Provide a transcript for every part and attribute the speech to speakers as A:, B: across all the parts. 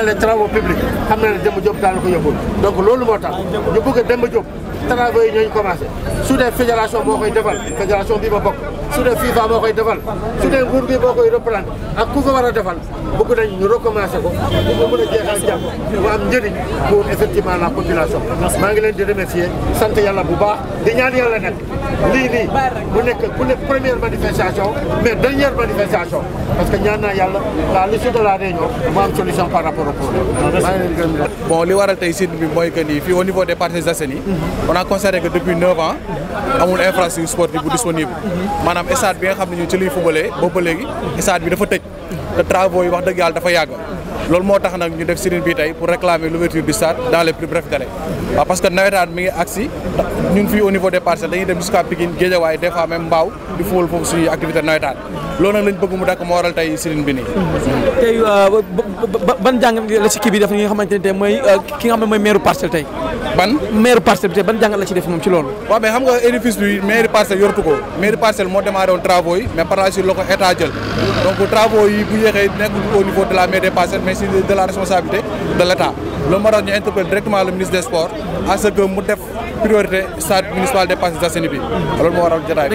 A: dans les travaux publics xam na ne Demba Diop daal ko yóbbul donc loolu moo tax ñu bëgg a Demba Diop travaux yi ñooñu commencé su dee fédération moo koy defal fédération bi ma bok su dee FIFA moo koy defal su dee nguur ko war a defal bëgg ko pour mën a jeexal jàpp mu am njëriñ pour effectivement la population. maa ngi leen di remercier sant yàlla bu baax di ñaan yàlla nag lii nii bu nekk bu nekk première manifestation mais dernière manifestation parce que ñaan naa yàlla la liste de la réunion am solution par rapport au problème.
B: maa ngi leen di bon li waral tey site bi mooy que ni fii au niveau de Parcelles Assainies on a constaté que depuis 9 ans maanaam stade bi nga xam ne ñu ci liy fubalee boobu léegi stade bi dafa tëj te travaux yi wax dëgg yàlla dafa yàgg loolu moo tax nag ñu def sirine bi tey pour réclamer l'ouverture du stade dans les plus brefs délais waaw parce que nawetaan bi nga xam ne mooy maire parcelle tey ban maire parcelle bi te ban jàngat la ci def moom ci loolu waaw mais xam nga édifice bi maire parcelle yortu ko maire parcelle moo démarré woon travaux yi mais par la suite état jël donc travaux yi bu yéexee nekkul au niveau de la maire des parcelles mais c'est de la responsabilité de l' loolu moo tax ñu interpellé directement le ministre des sports à ce que mu def priorité stade municipal des Parcelles Assainies bi loolu moo waral jotaay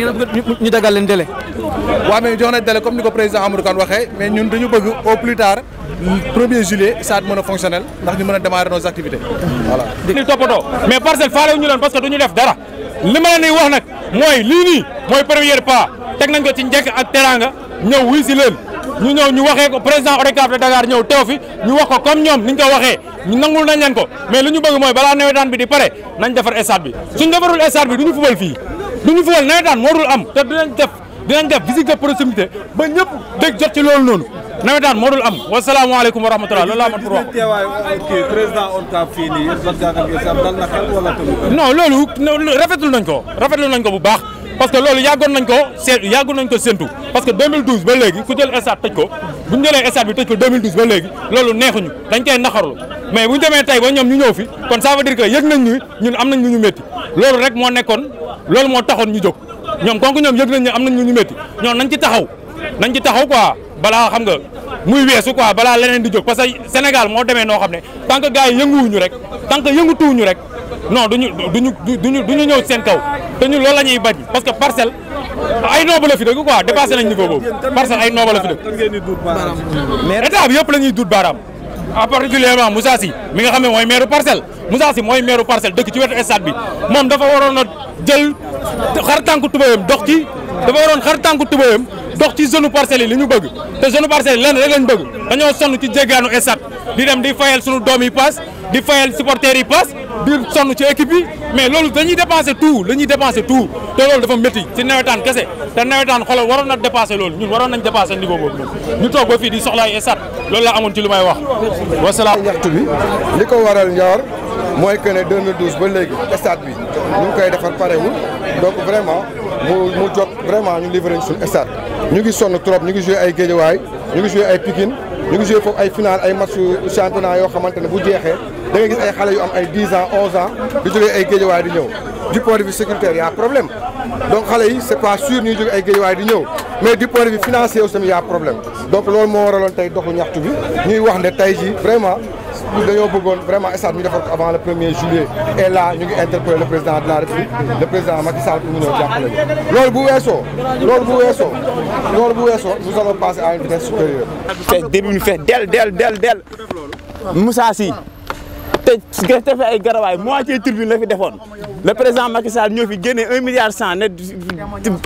B: ñu 1er juillet stade mën a fonctionnel ndax ñu mën a démarrer nos activités voilà. li toppatoo mais parcelle faale ñu leen parce que du ñu def
C: dara li ma wax nag mooy lii nii mooy premier pas teg nañ ko ci njëkk ak teraanga ñëw wuy si leen ñu ñëw ñu waxee ko président ODCAV de Dakar ñëw teew fi ñu wax ko comme ñoom niñ ko waxee ñu nangul nañ leen ko mais li ñu bëgg mooy balaa nawetaan bi di pare nañ defar stade bi suñ defarul stade bi du ñu fubal moo dul am te dinañ def nawetaan moo dul am wasalaamaaleykum wa rahmatulah loolu laa mën
D: pour wax.
C: non loolu rafetlu nañ ko rafetlu nañ ko bu baax parce que loolu yàggoon nañ ko seet yàggoon nañ ko séntu parce que 2012 ba léegi ku jël stade tëj ko bu ñu jëlee stade bi tëj ko 2012 ba léegi loolu neexuñu dañ koy naxarlu mais bu ñu demee tey ba ñoom ñu ñëw fi kon ça veut dire que yëg nañ ñu ñun am nañ ñu ñu métti loolu rek moo nekkoon loolu moo taxoon ñu jóg ñoom konku ñoom yëg nañ ñu am nañ ñu ñu métti ñoom nañ ci taxaw nañ ci taxaw quoi balaa xam nga muy weesu quoi balaa leneen di jóg parce Sénégal moo demee noo xam ne tant que gars yi yënguwuñu rek tant que yëngutuwuñu rek non duñu duñu duñu duñu ñëw seen kaw te ñu loolu la ñuy bañ parce que parcelle ay nooba la fi dëkk quoi dépassé nañ niveau boobu
A: parcelle ay nooba la fi dëkk
C: état bi yëpp la ñuy duut baaraam à particulièrement Moussa Sy nga xam ne mooy maire parcelle Moussa mooy maire parcelle dëkk ci wetu stade bi moom dafa waroon a jël xar tànk tubayam dox ci dafa waroon xar tànku tubéyam dox ci zone parcelles yi li ñu bëgg te zone parcelles yi lenn rek lañ bëgg dañoo sonn ci jéggaanu esat di dem di fayal suñu doom yi paas di fayal supporters yi paas di sonn ci équipe yi mais loolu dañuy dépenser tout la ñuy dépenser tout te loolu dafa métti ci nawetaan kese te nawetaan xoolal waroon na dépasser loolu ñun waroon nañ dépasser niveau boobu ñu toog ba fii di soxla ay loolu laa amoon ci lu may wax
D: wasalaam ñaxtu ko mooy que ne 2012 ba léegi stade bi ñu ngi mu mu jot vraiment ñu livré suñu stade ñu ngi sonn trop ñu ngi joué ay Guédiawaye ñu ngi joué ay Pikine ñu ngi joué foofu ay final ay match championnat yoo xamante ne bu jeexee da ngay ay xale yu am ay 10 ans 11 an di jógee ay Guédiawaye di ñëw du point de vue sécuritaire y problème donc xale yi c'est pas sûr ñuy jógee ay Guédiawaye di ñëw mais du point de vue financier aussi tamit problème donc loolu moo waraloon tey doxu ñaxtu bi ñuy wax ne tey jii vraiment ñun dañoo bëggoon vraiment stade ñu defar ko avant le premier juillet et là ñu ngi interpellé le président de la république le président Macky Sall pour mu ñëw jàppale ñu loolu bu weesoo loolu bu weesoo loolu bu weesoo nous allons passer à une vitesse supérieure fees del del del del
A: Moussa Sy te te ay garawaay moitié tribune la fi defoon le président Macky Sall ñoo fi génnee un milliard cent ne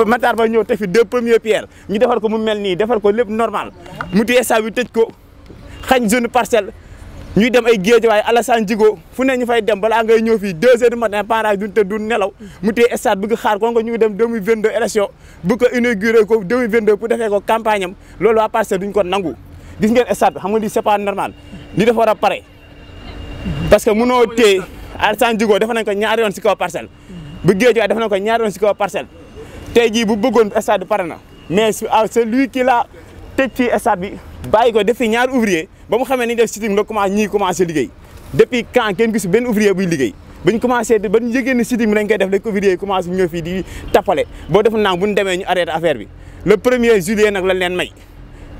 A: Matar ba ñëw teg fi premier premières pierres ñu defar ko mu mel nii defar ko lépp normal mu téye stade bi tëj ko xañ zone parcelle ñuy dem ay géej waaye Alassane Djigo fu ne ñu fay dem balaa ngay ñëw fii deux heures du matin parents duñ tëdd duñ nelaw mu téye stade bëgg xaar kon ko ñu ngi dem 2022 élection bu ko inauguré ko 2022 pour defee ko campagne am loolu waa Parcelles duñ ko nangu gis ngeen stade bi nga lii c'est pas normal li dafa a pare parce que mënoo téye Alassane Djigo def nañ ko ñaari yoon si kaw Parcelles bu géej waaye def ko ñaari si kaw Parcelles tey jii bu bëggoon stade pare na mais celui qui la tëj fii stade bi bàyyi ko def fi ñaari ouvrier ba mu xamee ni def sitting la commencé ñii commencé liggéey depuis quand kenn gisu benn ouvrier buy liggéey bañ commencé ba ñu yëgee ne sitting bi dañ koy def rek ouvrier yi commencé ñëw fii di tappale boo defoon naa bu ñu demee ñu arrêté affaire bi le premier juillet nag lañ leen may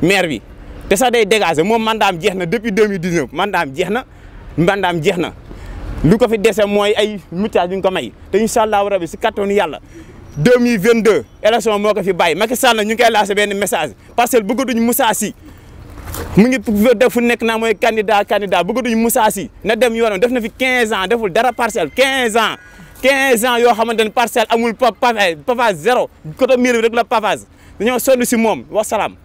A: maire bi te sax day dégager moom mandaam jeex na depuis 2019 mandaam na lu ko fi dese mooy ay mutage yu ñu ko may te incha allahu rabi si kattanu yàlla 2022 élection moo ko fi bàyyi Macky Sall ñu ngi koy lancé benn message parcelle bëggatuñu Moussa Sy mu ngi def fu nekk naa mooy candidat candidat bëggatuñ Moussa Sy na dem yoonam def na fi 15 ans deful dara parcelle 15 ans 15 ans yoo xamante ne parcelle amul eh, pavage zéro côté miir bi rek la pavage dañoo sonn si moom wasalaam.